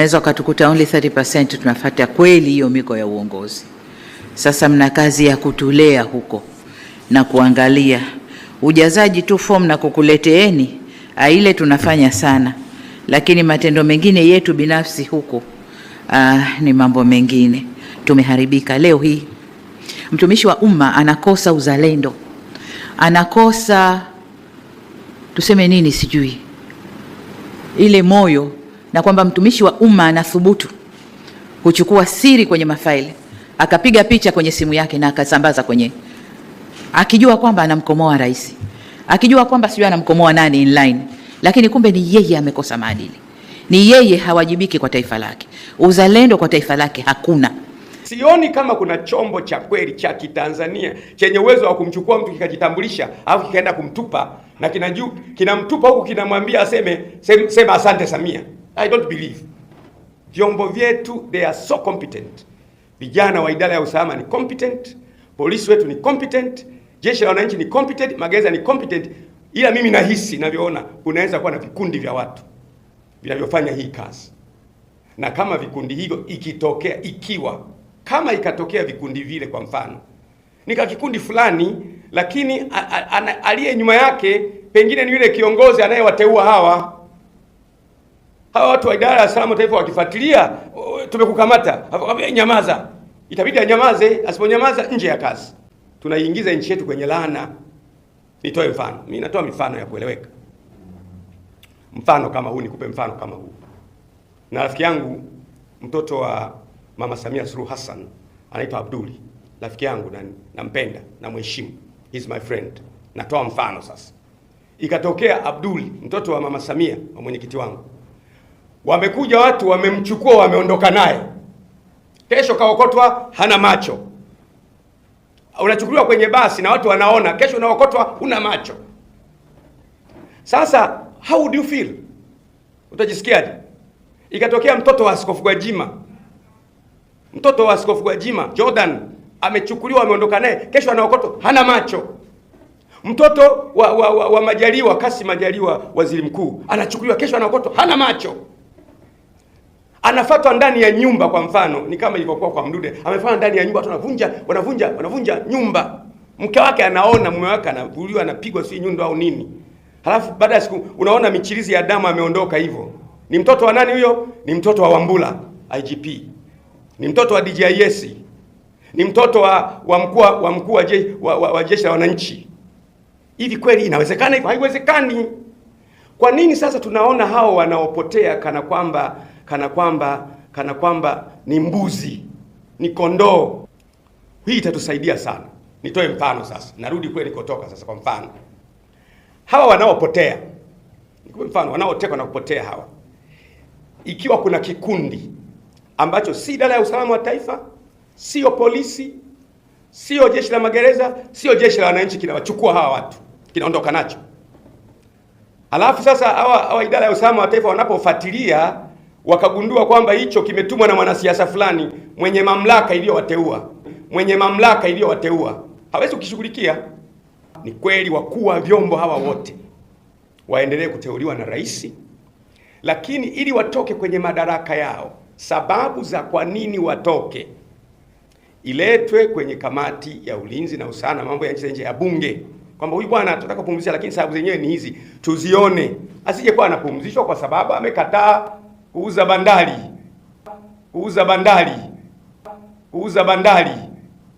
Naweza wakatukuta only 30% tunafuata kweli hiyo miko ya uongozi. Sasa mna kazi ya kutulea huko na kuangalia ujazaji tu fomu na kukuleteeni ah, ile tunafanya sana, lakini matendo mengine yetu binafsi huko aa, ah, ni mambo mengine. Tumeharibika leo hii. Mtumishi wa umma anakosa uzalendo, anakosa tuseme nini, sijui ile moyo na kwamba mtumishi wa umma anathubutu kuchukua siri kwenye mafaili akapiga picha kwenye simu yake na akasambaza kwenye, akijua kwamba anamkomoa rais, akijua kwamba sijui anamkomoa nani inline, lakini kumbe ni yeye amekosa maadili, ni yeye hawajibiki kwa taifa lake, uzalendo kwa taifa lake hakuna. Sioni kama kuna chombo cha kweli cha Kitanzania chenye uwezo wa kumchukua mtu kikajitambulisha, au kikaenda kumtupa na kinajua kinamtupa huku kinamwambia aseme sema asante Samia. I don't believe. Vyombo vyetu they are so competent. Vijana wa idara ya usalama ni competent, polisi wetu ni competent, jeshi la wananchi ni competent, magereza ni competent, ila mimi nahisi navyoona, unaweza kuwa na vikundi vya watu vinavyofanya hii kazi, na kama vikundi hivyo ikitokea, ikiwa kama ikatokea vikundi vile, kwa mfano nika kikundi fulani, lakini aliye nyuma yake pengine ni yule kiongozi anayewateua hawa hawa watu wa idara ya usalama taifa wakifuatilia, tumekukamata, eh, nyamaza, itabidi anyamaze. Asiponyamaza nje ya kazi, tunaiingiza nchi yetu kwenye laana. Nitoe mfano, mimi natoa mifano ya kueleweka. Mfano kama huu, nikupe mfano kama huu, na rafiki yangu mtoto wa mama Samia Suluhu Hassan anaitwa Abduli, rafiki yangu nampenda na namheshimu, he's my friend. Natoa mfano sasa, ikatokea Abduli mtoto wa mama Samia wa mwenyekiti wangu Wamekuja watu wamemchukua, wameondoka naye, kesho kaokotwa hana macho. Unachukuliwa kwenye basi na watu wanaona, kesho unaokotwa huna macho. Sasa how do you feel? Utajisikiaje ikatokea mtoto wa Askofu Gwajima, mtoto wa Askofu Gwajima Jordan amechukuliwa, ameondoka naye, kesho anaokotwa hana macho. Mtoto wa, wa, wa, wa Majaliwa Kassim Majaliwa, waziri mkuu, anachukuliwa, kesho anaokotwa hana macho anafatwa ndani ya nyumba. Kwa mfano ni kama ilivyokuwa kwa Mdude, amefanya ndani ya nyumba, watu wanavunja wanavunja wanavunja nyumba, mke wake anaona, mume wake anavuliwa, anapigwa si nyundo au nini, halafu baada ya siku unaona michirizi ya damu, ameondoka hivyo. Ni mtoto wa nani huyo? Ni mtoto wa Wambula IGP, ni mtoto wa DJIS, ni mtoto wa wa mkuu wa mkuu wa jeshi wa, wa, wa la wananchi. Hivi kweli inawezekana hivyo? Haiwezekani. Kwa nini sasa tunaona hao wanaopotea kana kwamba kana kwamba kana kwamba ni mbuzi, ni kondoo. Hii itatusaidia sana. Nitoe mfano sasa, narudi kule nilikotoka. Sasa kwa mfano, hawa wanaopotea, nikupe mfano, wanaotekwa na kupotea hawa, ikiwa kuna kikundi ambacho si idara ya usalama wa taifa, sio polisi, sio jeshi la magereza, sio jeshi la wananchi, kinawachukua hawa watu, kinaondoka nacho, alafu sasa hawa hawa idara ya usalama wa taifa wanapofuatilia wakagundua kwamba hicho kimetumwa na mwanasiasa fulani mwenye mamlaka iliyowateua, mwenye mamlaka iliyowateua hawezi kukishughulikia. Ni kweli wakuu wa vyombo hawa wote waendelee kuteuliwa na rais, lakini ili watoke kwenye madaraka yao, sababu za kwa nini watoke iletwe kwenye kamati ya ulinzi na usalama mambo ya nchi za nje ya bunge, kwamba huyu bwana tunataka kupumzisha, lakini sababu zenyewe ni hizi, tuzione. Asije kwa anapumzishwa kwa sababu amekataa huuza bandari, kuuza bandari, kuuza bandari.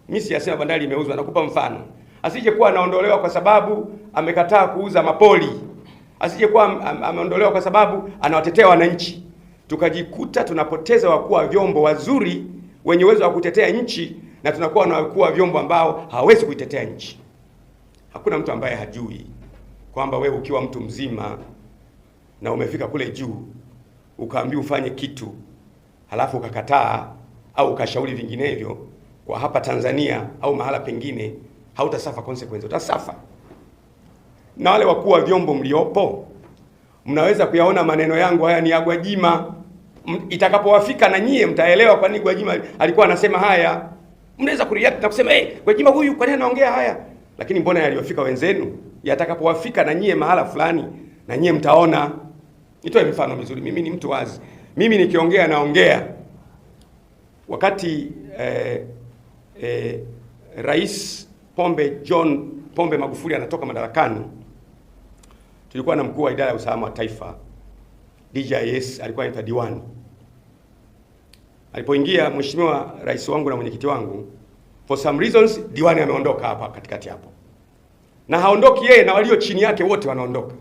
Mimi siyasema bandari imeuzwa, nakupa mfano. Asije kuwa anaondolewa kwa sababu amekataa kuuza mapoli, asije kuwa ameondolewa kwa sababu anawatetea wananchi, tukajikuta tunapoteza wakuu wa vyombo wazuri wenye uwezo wa kutetea nchi na tunakuwa na wakuu wa vyombo ambao hawawezi kuitetea nchi. Hakuna mtu ambaye hajui kwamba wewe ukiwa mtu mzima na umefika kule juu ukaambiwa ufanye kitu halafu ukakataa au ukashauri vinginevyo, kwa hapa Tanzania au mahala pengine, hautasafa consequence, utasafa. Na wale wakuu wa vyombo mliopo, mnaweza kuyaona maneno yangu haya ni ya Gwajima, itakapowafika na nyie mtaelewa kwa nini Gwajima alikuwa anasema haya. Mnaweza kureact na kusema hey, eh, Gwajima huyu kwa nini anaongea haya? Lakini mbona yaliyofika wenzenu, yatakapowafika na nyie mahala fulani, na nyie mtaona. Nitoe mifano mizuri. Mimi ni mtu wazi, mimi nikiongea naongea. Wakati eh, eh, Rais Pombe John Pombe Magufuli anatoka madarakani, tulikuwa na mkuu wa idara ya usalama wa taifa DJIS, alikuwa anaitwa Diwani. Alipoingia mheshimiwa rais wangu na mwenyekiti wangu, for some reasons Diwani ameondoka hapa katikati hapo, na haondoki yeye, na walio chini yake wote wanaondoka.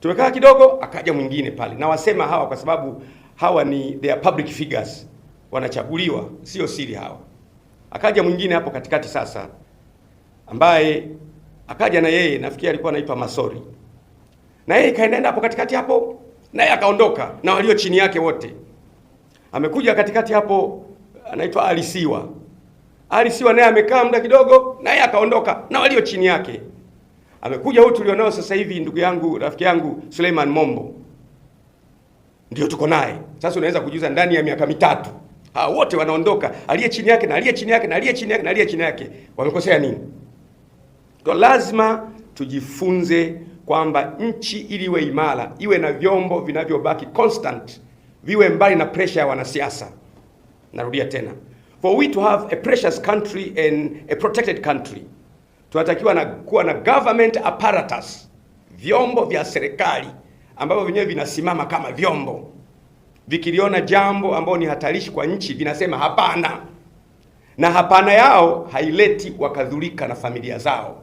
Tumekaa kidogo, akaja mwingine pale, na wasema hawa kwa sababu hawa ni they public figures, wanachaguliwa, sio siri hawa. Akaja mwingine hapo katikati sasa, ambaye akaja na yeye, nafikiri alikuwa anaitwa Masori, na yeye kaenda hapo katikati hapo, naye akaondoka na walio chini yake wote. Amekuja katikati hapo, anaitwa Alisiwa. Alisiwa naye amekaa muda kidogo, naye akaondoka na walio chini yake amekuja huyu tulionao sasa hivi, ndugu yangu, rafiki yangu Suleiman Mombo ndio tuko naye sasa. Unaweza kujiuza ndani ya miaka mitatu ha, wote wanaondoka, aliye chini yake na aliye chini yake na aliye chini yake na aliye chini yake, wamekosea nini? Kwa lazima tujifunze kwamba nchi ili iwe imara iwe na vyombo vinavyobaki constant, viwe mbali na pressure ya wanasiasa. Narudia tena, for we to have a precious country and a protected country tunatakiwa na kuwa na government apparatus, vyombo vya serikali ambavyo vyenyewe vinasimama kama vyombo, vikiliona jambo ambao ni hatarishi kwa nchi vinasema hapana, na hapana yao haileti wakadhulika na familia zao.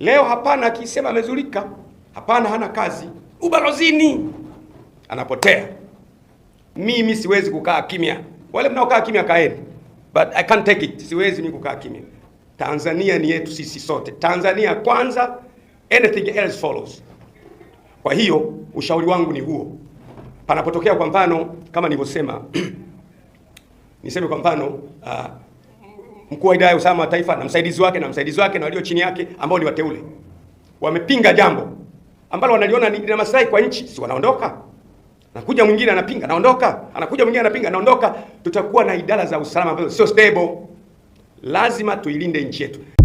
Leo hapana akisema amezulika, hapana hana kazi, ubalozini anapotea. Mimi siwezi kukaa kimya, wale mnaokaa kimya kaeni, but I can't take it. Siwezi mimi kukaa kimya. Tanzania ni yetu sisi sote, Tanzania kwanza, anything else follows. Kwa hiyo ushauri wangu ni huo, panapotokea kwa mfano kama nilivyosema niseme kwa mfano uh, mkuu wa idara ya usalama wa taifa na msaidizi wake na msaidizi wake na walio chini yake ambao ni wateule wamepinga jambo ambalo wanaliona ni na maslahi kwa nchi, si wanaondoka. Anakuja mwingine anapinga, naondoka, anakuja mwingine anapinga, naondoka. Tutakuwa na idara za usalama ambazo sio stable lazima tuilinde nchi yetu.